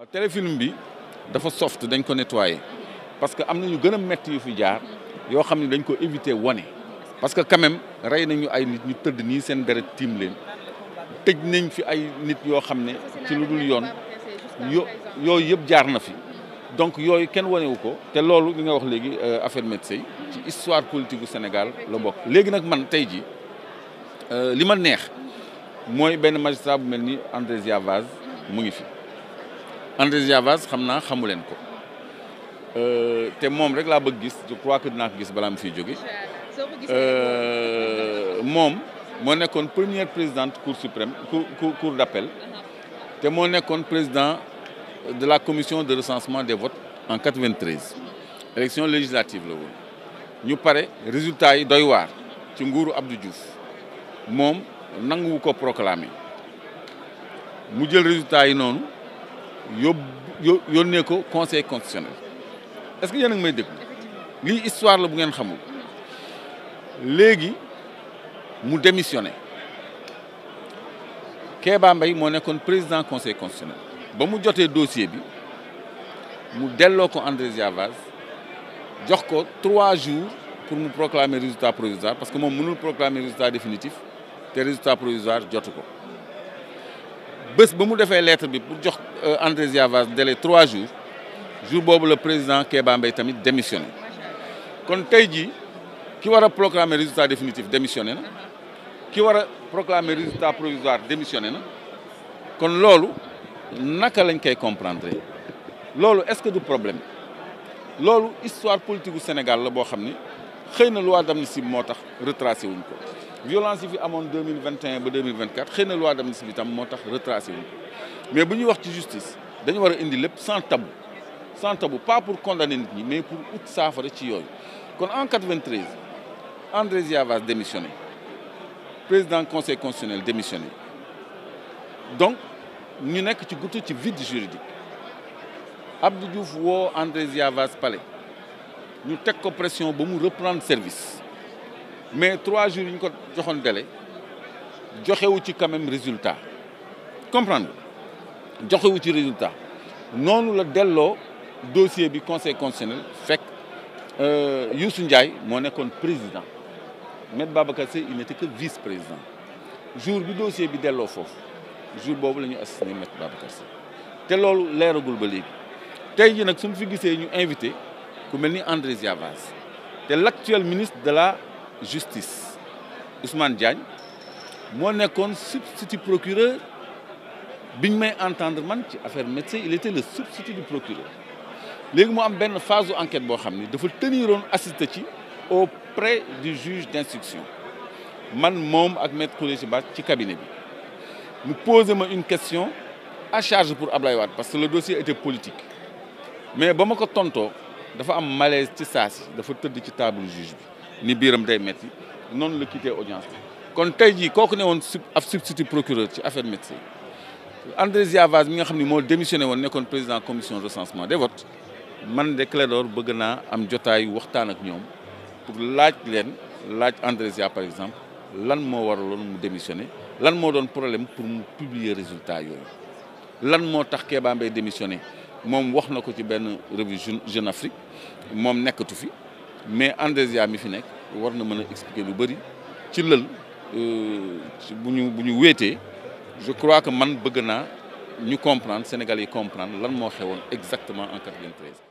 waaw téléfilm bi dafa soft dañ ko nettoyé parce que am na ñu gën a métti yu fi jaar yoo xam ne dañ ko éviter wane parce que quand rey nañu ay nit ñu tëdd nii seen deret tiim leen tëj nañ fi ay nit yoo xam ne ci lu dul yoon yo yooyu yëpp jaar na fi donc yooyu kenn wanewu ko te loolu li nga wax léegi euh, affaire Maître Sèye ci histoire politique gu Sénégal la bokk léegi nag man tey ji euh, li ma neex mooy benn magistrat bu mel ni Andrésia Vaz mu ngi fi Andrés Jabas xam naa xamu leen ko euh, te moom rek laa bëgg gis je crois que dinaa ko gis balaa mu fiy jóge euh, moom moo nekkoon première présidente cour suprême cour cour d'appel te moo nekkoon président de la commission de recensement des votes en 93 élection législative la woon ñu pare résultat yi doy waar ci nguuru abdu Diouf moom nanguwu ko proclamer mu jël résultat yi noonu yóbbu yónnee ko conseil constitutionnel est-ce que yéen a ngi may déglu lii histoire la bu ngeen xamul léegi mu démissionné Kéba Mbaye moo nekkoon président conseil constitutionnel ba mu jotee dossier bi mu delloo ko Andrésia Vaz jox ko trois jours pour mu proclamer résultat provisoire parce que moom mënul proclamer résultat définitif te résultat provisoire jotu ko bés ba mu defee lettre bi pour jox euh, Andrés Yavas délai trois jours jour boobu la président Kéba Mbaye tamit démissionné kon tey jii ki war a proclamer résultat définitif démissionné na ki war a proclamer résultat provisoire démissionné na kon loolu naka lañ koy comprendre loolu est-ce que du problème loolu histoire politique Sénégal la boo xam ni xëy na loi d'amnistie moo tax retracé wuñ ko. violence yi fi amoon deux mille vingt et ba deux mille vingt quatre xëy na loi d'amnistie bi tam moo tax retracé wuñ mais bu ñuy wax ci justice dañu war a indi lépp sans tabou sans tabou pas pour condamner nit ñi mais pour ut saafara ci yooyu kon en 93 Andrés Yavas démissionné président conseil constitutionnel démissionné donc ñu nekk ci guttu ci vide juridique Abdou Diouf woo Andrés Yavas palais ñu teg ko pression ba mu reprendre service mais trois jours yi ñu ko joxoon délai joxewu ci quand résultat comprendre joxewu ci résultat noonu la delloo dossier bi conseil constitutionnel fekk euh, Youssou Ndiaye moo nekkoon président Maître Babacar Sèye il n'était que vice-président jour bi dossier bi delloo foofu jour boobu la ñu assassiné Maître Babacar Sèye te loolu leeragul ba léegi tey ji nag suñu fi gisee ñu invité ku mel ni André Ziavaz te l'actuel ministre de la justice Ousmane Diagne moo nekkoon substitut procureur biñ may entendre man ci affaire médecin il était le substitut du procureur léegi mu am benn phase enquête boo xam ni dafa teniroon assisté ci auprès du juge d'instruction man moom ak maître Khoureyssi Ba ci cabinet bi mu posé ma une question à charge pour Ablaye Wade parce que le dossier était politique mais ba ma ko tontoo dafa am malaise ci saa dafa tëdd ci table juge bi ni biiram day metti noonu la quitté audience bi kon tey jii kooku ne woon sub ab substitut procureur ci affaire médecin Andrésia Vaz mi nga xam ni moo démissionné woon nekkoon président commission recensement des votes man de Clédor bëgg naa am jotaay waxtaan ak ñoom pour laaj leen laaj Andrésia par exemple lan moo waraloon mu démissionné lan moo doon problème pour mu publier résultat yooyu lan moo tax Kéba Mbaye démissionné moom wax na ko ci benn revue Jeune moom nekkatu fi mais Andrésia mi fi nekk war na mën a expliquer lu bëri ci lël euh, bu ñu bu ñu wéetee je crois que man bëgg naa ñu comprendre Sénégalais yi comprendre lan moo xewoon exactement en 93.